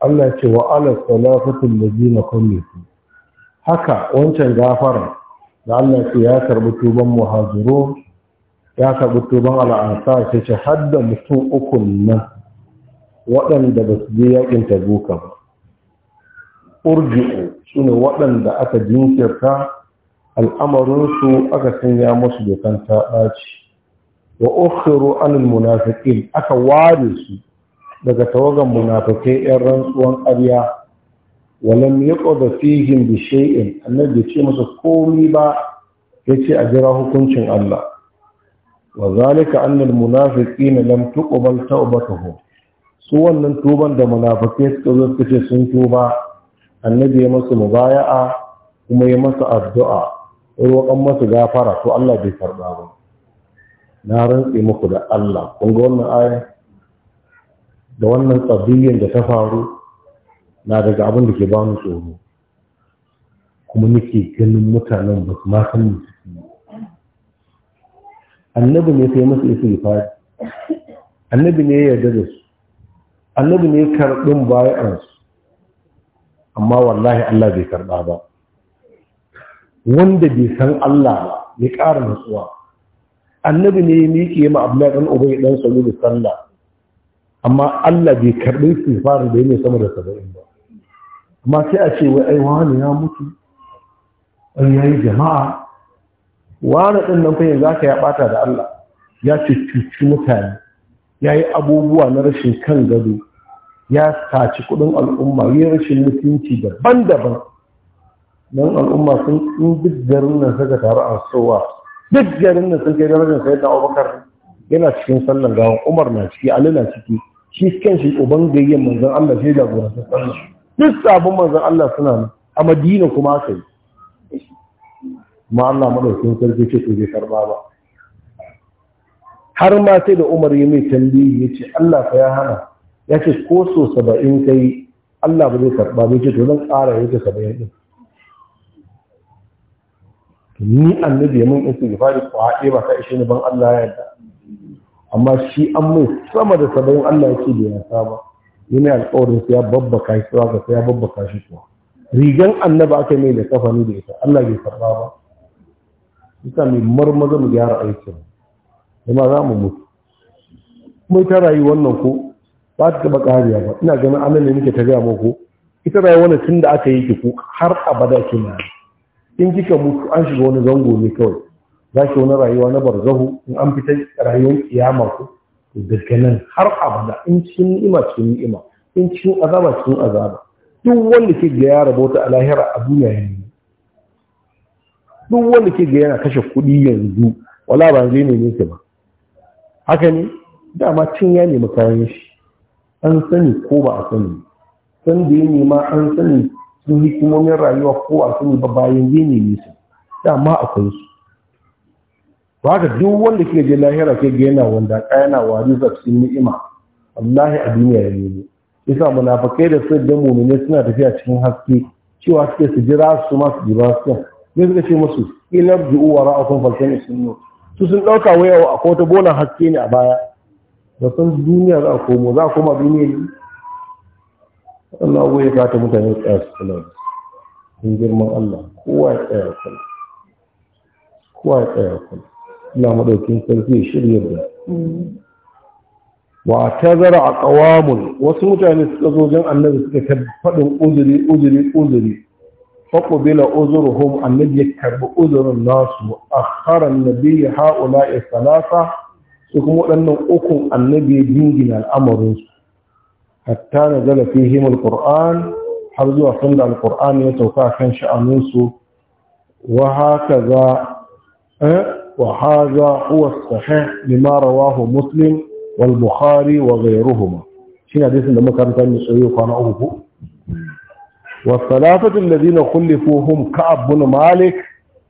الله يتوى على الثلاثة الذين خلفوا haka wancan gafara da Allah ce ya karbi tuban muhajiro ya karbi tuban al'asa ce ce hadda mutum uku nan waɗanda basu su je yakin tabuka ba urji'u su ne waɗanda aka jinkirta al'amarinsu aka sanya musu dokan ta ɓaci wa ukhiru anil munafiqin aka ware su daga tawagan munafikai yan rantsuwan ƙarya walam yaqda fihim bi shay'in annabi ce masa komai ba ce a jira hukuncin Allah wa zalika annal munafiqina lam tuqbal tawbatuhum su wannan tuban da munafikai suka zo suka ce sun tuba annabi ya musu mubaya'a kuma ya masa addu'a in roƙon masu gafara to Allah bai karɓa ba na rantse muku da Allah kun ga wannan aya da wannan tsabiyyar da ta faru na daga abin da ke ba mu tsoro kuma nake ganin mutanen ba su ma san mu annabi ne sai masu isi fadi annabi ne ya yarda da su annabi ne ya karɓin bayansu amma wallahi Allah bai karɓa ba wanda bai san Allah ba ya ƙara nutsuwa annabi ne ya miƙe ma abdullahi dan ubay dan salu da sallah amma Allah bai karɓi fara da yake sama da 70 ba amma sai a ce wai ai wani ya mutu ya yayi jama'a wani din nan fa zaka ya bata da Allah ya cuci mutane ya yi abubuwa na rashin kan gado ya saci kudin al'umma ya rashin mutunci daban-daban don al'umma sun in duk garin nan suka taru a sowa duk garin nan sun kai darajar sayar da abubakar yana cikin sallan gawan umar na ciki ali na ciki shi kan shi uban gayyen manzon Allah sai sun sallan duk sabon manzon Allah suna nan a madina kuma aka yi ma Allah madaukin sarki ce bai karba ba har ma sai da Umar ya mai tambayi ya ce Allah ka ya hana ya ce ko so saba'in kai Allah ba zai karba ba ce to zan ƙara yake saba'in din ni annabi ya mun istighfari ko haɗe ba ka ishe ni ban Allah ya yarda amma shi an mai sama da sabon Allah yake ce da ya saba yana alƙawarin sai ya babbaka shi sai ga sai ya babbaka shi kuwa rigan annaba aka mai da kafani da ita Allah bai karba ba ita mai marmaza mu gyara aikin kuma za mu mutu kuma ta rayu wannan ko ba ta taɓa ƙariya ba ina ganin anan ne muke ta gaya muku ita rayuwar tun da aka yi ki ko har abada kina yi in kika mutu an shiga wani zango ne kawai za ki wani rayuwa na barzahu in an fita rayuwar kiyama ku daga nan har abada in cikin ni'ima cikin ni'ima in cikin azaba cikin azaba duk wanda ke ga ya rabo a lahira a duniya ya nemi. duk wanda ke ga yana kashe kuɗi yanzu wala ba zai neme shi ba haka ne dama cin ya nemi kayan shi an sani ko ba a sani san da ya nema an sani sun hikimomin rayuwa ko a yi ba bayan gini ne su dama akwai su ba ka duk wanda ke je lahira ke ga yana wanda kayana wari za cikin ni'ima wallahi a duniya ya nemi yasa munafikai da su da mu'mini suna tafiya cikin haske cewa suke su jira su ma su ji ne suka ce musu ila bi'u wa ra'akum falkan sunnu su sun ɗauka wayawa a kota bolan haske ne a baya da sun duniya za a komo za a koma duniya ne Allah abu ya ta mutane tsaya su kula da su. girman Allah kowa ya tsaya kula kowa ya tsaya kula ina maɗaukin sarki shirya da wa ta zara a ƙawamun wasu mutane suka zo jan annabi suka ta faɗin uzuri uzuri uzuri faƙo bila uzuruhum annabi ya karɓi uzurin nasu a haran nabi ya haula ya salasa su kuma waɗannan ukun annabi ya jingina al'amarinsu حتى نزل فيهم القرآن حرزوا وصند القرآن يتوقع كان شأنوس وهكذا أه؟ وهذا هو الصحيح لما رواه مسلم والبخاري وغيرهما شنو حديث لما كان كان يسويه فانا أهبه والثلاثة الذين خلفوا هم كعب بن مالك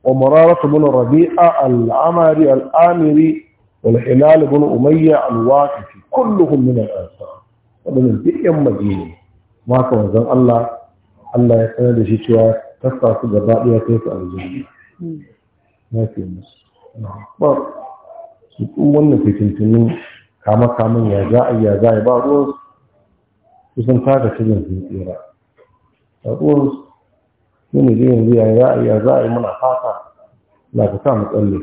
ومرارة بن ربيعة العمري الآمري والحلال بن أمية الواقفي كلهم من الأنصار waɗannan duk yan ne. maka wanzan Allah Allah ya sanar da shi cewa tasa su gaba ɗaya kai su aljanna na fi musu ba su kun wannan fitintunin kama kamun ya za a ya za a ba ruwan kusan taka cikin sun tsira a ruwan su ne zai yanzu ya za a ya za a yi muna fata la ka sa mu tsalle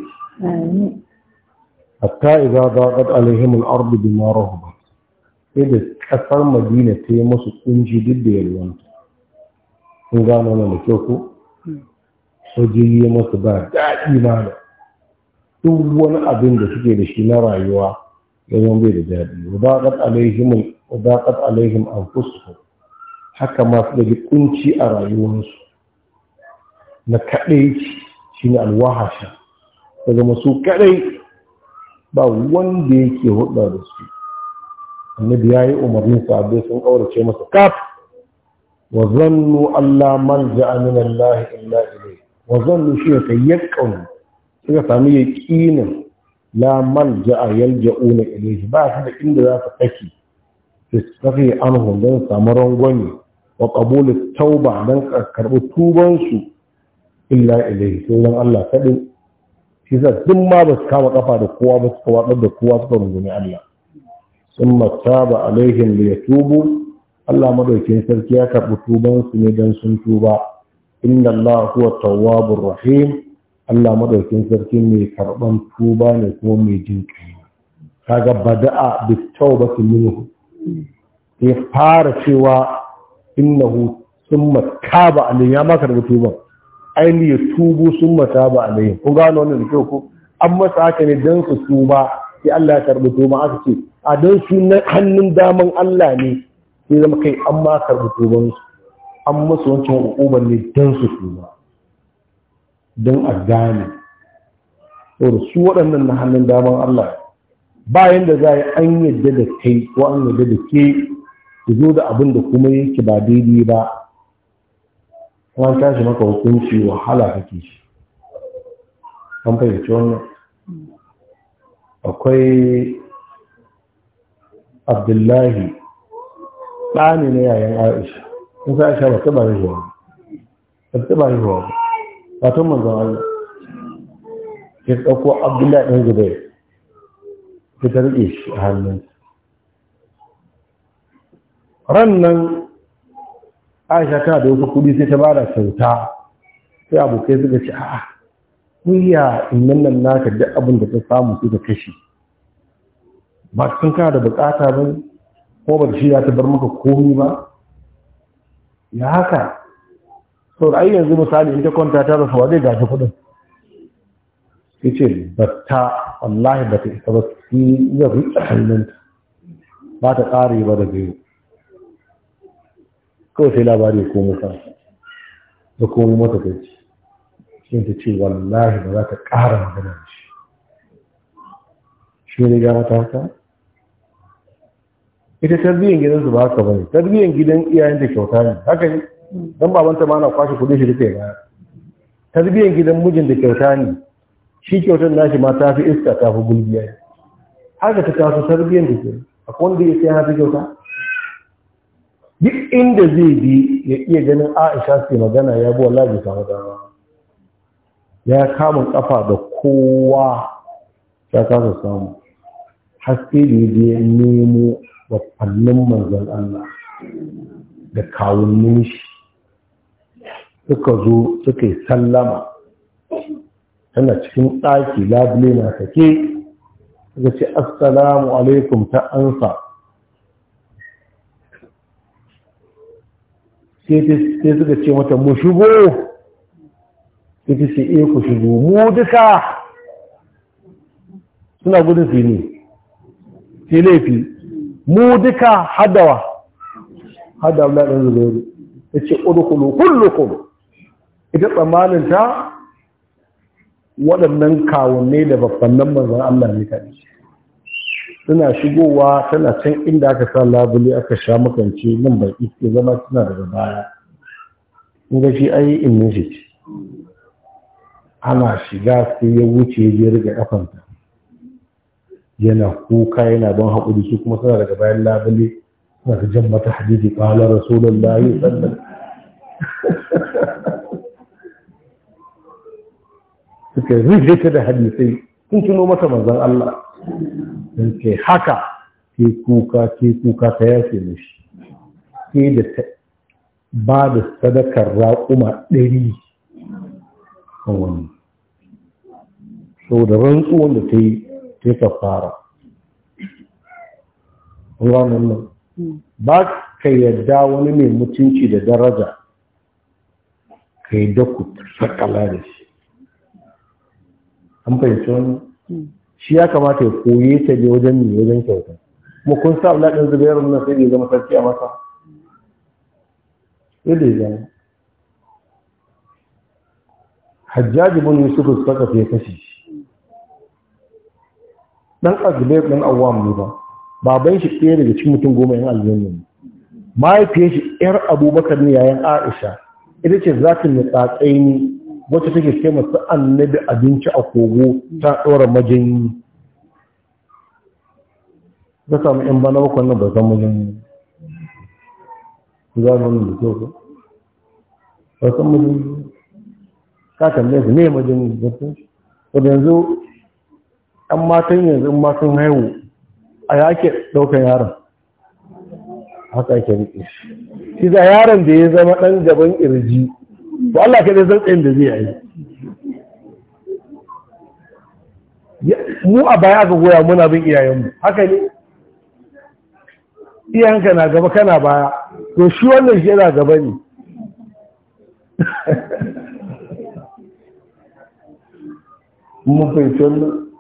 hatta idza daqat alaihim al-ardu bima rahabat sai da ƙasar madina ta yi masu kunji duk da yalwanta sun gano na kyau ko sojoji ya masu ba daɗi ma da duk wani abin da suke da shi na rayuwa ya zama bai da daɗi wadaƙat alaihim alaihim an fusko. haka ma su da kunci a rayuwarsu na kaɗai shi ne alwahasha daga masu kaɗai ba wanda yake hudu da su annabi ya yi umarnin sahabbai sun ƙaurace masa kaf wa zannu Allah ja'a min Allah illa ilayhi wa zannu shi ka yakkan suka sami yaqinin la man ja'a yalja'una ilayhi ba su da inda za su kake istafi anhum dan samu rangwani wa qabulu tauba dan karɓi tubansu illa ilayhi sai dan Allah kadin shi sa duk ma ba su kama kafa da kowa ba su kawaɗar da kowa suka rungumi Allah sun taba alaihim da ya tubu Allah madaukin sarki ya karɓi tubansu ne don sun tuba inna Allah huwa tawwabur rahim Allah madaukin sarki mai karɓan tuba ne kuma mai jin kaga bada'a bi tawbati minhu ya fara cewa innahu summa taba alaihim ya ma da tuban Ai ya tubu summa taba alaihim kun gano wannan da kyau ko an masa haka ne dan su tuba sai Allah ya karɓi tuba aka ce a don su na hannun daman Allah ne sai zama kai an ma karɓi tuban an masu wancan hukumar ne don su tuba don a gane saboda su waɗannan na hannun daman Allah bayan da za a yi an yadda da kai ko an yadda da ke ku zo da abin da kuma yake ba daidai ba an tashi maka hukunci wahala kake shi an fahimci wannan mm. akwai abdullahi ɗani ne yayin aisha in sa aisha ba ta ba haihuwa ba ta ba haihuwa ba fatan manzon Allah ya ɗauko abdullahi ɗan zubair ya ta riƙe shi a hannun ran nan aisha tana da wasu kuɗi sai ta ba da kyauta sai abokai suka ce a'a kuya in nan naka duk abin da ta samu suka kashe ba sun ka da bukata ba ko ba shi ya ta bar maka komi ba ya haka To ai yanzu misali in ta kwanta ta rasu wa zai gaji kudin ya ce ta wallahi ba ta isa ba su zai rike hannunta ba ta kare ba da biyu kawai sai labari ya komo kansa da komo mata kai shi ta ce wallahi ba za ta ƙara magana da shi shi ne gara ta haka ita tarbiyyar gidansu ba haka bane tarbiyyar gidan iyayen da kyauta ne haka ne don babanta ma na kwashe kudin shi duka ya tarbiyyar gidan mijin da kyauta ne shi kyautar nashi ma ta fi iska ta fi gulbiya haka ta kasu tarbiyyar da ke akwai wanda ya sai hafi kyauta duk inda zai bi ya iya ganin aisha su magana ya bi wallahi ta samu dama ya kama kafa da kowa ta kasa samu haske da ya nemo wafannin manzon Allah da kawunin shi suka zo suka yi sallama tana cikin ɗaki labule na sake suka ce assalamu alaikum ta ansa sai suka ce mata mu shigo sai ta ce eh ku shigo mu duka suna gudun su sai laifi mu duka hadawa hada Abdullahi dan Zubairu ce udkhulu kullukum ita tsammanin ta waɗannan kawunne da babban nan manzon Allah ne ce suna shigowa tana can inda aka sa labule aka sha makance nan ba iske zama suna daga baya in ga shi ai in ana shiga sai ya wuce ya riga kafanta yana kuka yana ban haƙuri su kuma suna daga bayan labule suna ta jan mata hadisi ƙalar rasulullahi sallallahu suka rufe ta da hadisai sun tuno mata manzon Allah sun ce haka ke kuka ke kuka ta yafe mashi, ke da ba da sadakar raƙuma ɗari a wani sau da rantsuwan da ta yi ke ka fara ranar ba ka yadda wani mai mutunci da daraja ka yi ku sakala da shi an fahimci wani shi ya kamata ya koye ta ne wajen mai wajen kyauta kuma kun sa Allah ɗin zubayar nan sai ya zama sarki a masa yadda ya zama hajjaji bin yusuf suka fiye kashe shi dan azubair dan awam ne ba baban shi ɗaya daga cikin mutum goma yan aljanna ne mahaifiyar shi yar abubakar ne yayin aisha ita ce za ta ne wacce take kai masu annabi abinci a kogo ta ɗora majanyi ta samu yan bana bakwai nan ba san majanyi za mu da kyau ba san majanyi ka tambaye su ne majanyi ba san yanzu ɗan matan yanzu ma sun haihu a ya ake ɗaukar yaron haka ake riƙe shi shi da yaron da ya zama ɗan gaban ƙirji ba Allah ka dai zantsayin da zai yi mu a baya aka goya muna bin iyayenmu haka ne iyayenka na gaba kana baya to shi wannan shi yana gaba ne mun fahimci wannan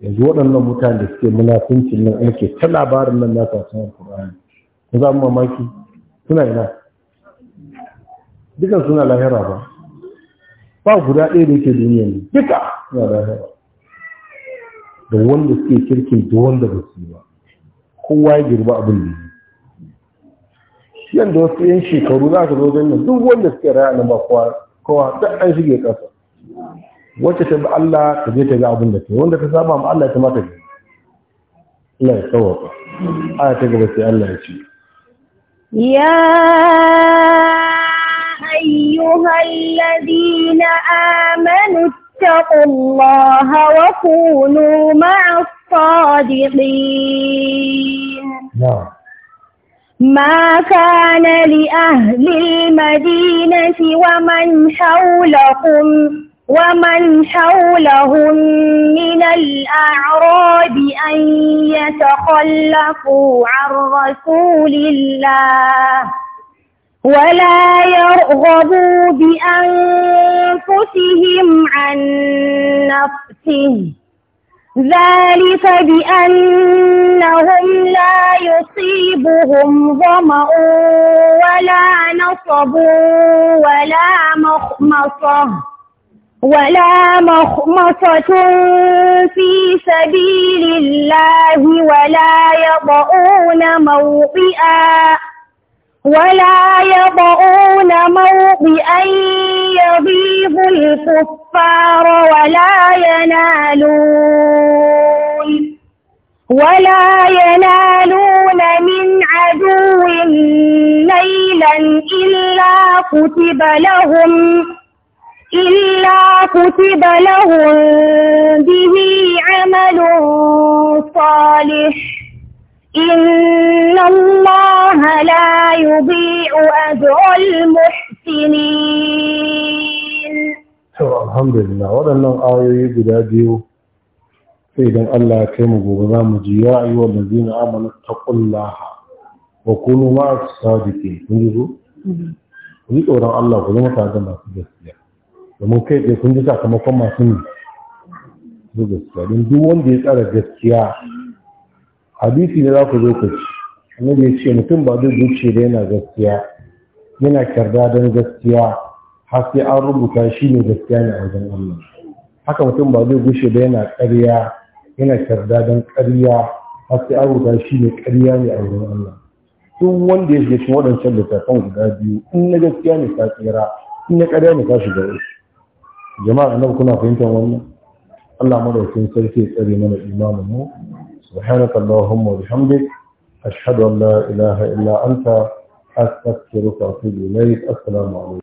yanzu waɗannan mutane da suke munafincin nan ake ta labarin nan na sassan alkur'ani ku za mu mamaki suna ina dukan suna lahira ba ba guda ɗaya da yake duniya ne duka suna lahira da wanda suke kirkin da wanda ba su ba kowa ya girba abin da yi yadda wasu yan shekaru za ka zo ganin duk wanda suke raya nan ba kowa kowa duk an shige ƙasa wacce ta bi Allah ta je ta ga abin da ta wanda ta saba ma Allah ta ma ta Allah ya tsawaka aya ta gaba sai Allah ya ce
ya ayyuha alladhina amanu اتقوا الله وكونوا مع الصادقين نعم ما كان لأهل المدينة ومن حولكم ومن حولهم من الأعراب أن يتخلفوا عن رسول الله
ولا
يرغبوا بأنفسهم عن نفسه ذلك بأنهم لا يصيبهم ظمأ ولا نصب ولا مخمصة ولا مخمصة في سبيل الله ولا يضعون موطئا
ولا يضعون
موطئا يضيب الكفار ولا ينالون ولا ينالون من عدو ليلا إلا كتب لهم إلا كتب لهم به عمل صالح إن الله لا يضيع أجر المحسنين الحمد لله ولن
آية بلاديو إذن الله كم غرام جياء والذين آمنوا اتقوا الله وكونوا مع الصادقين نجدوا ويقول الله غرامة هذا ما في جسدها domin kai tsaye sun ji sakamakon masu ne su gaskiya don duk wanda ya tsara gaskiya hadisi ne za ku zo ku ci annabi ya ce mutum ba zai zuci da yana gaskiya yana kyarda don gaskiya har sai an rubuta shi ne gaskiya ne a wajen Allah haka mutum ba zai gushe da yana ƙarya yana kyarda don ƙarya har sai an rubuta shi ne ƙarya ne a wajen Allah duk wanda ya shiga cikin waɗancan littattafan guda biyu in na gaskiya ne ta tsira in na ƙarya ne ta shiga wasu. jama'a nan kuna fahimtar wannan Allah madaukakin sarki tsare mana imanin mu subhanaka allahumma wa bihamdik
ashhadu an la ilaha illa anta astaghfiruka wa atubu ilayk assalamu alaikum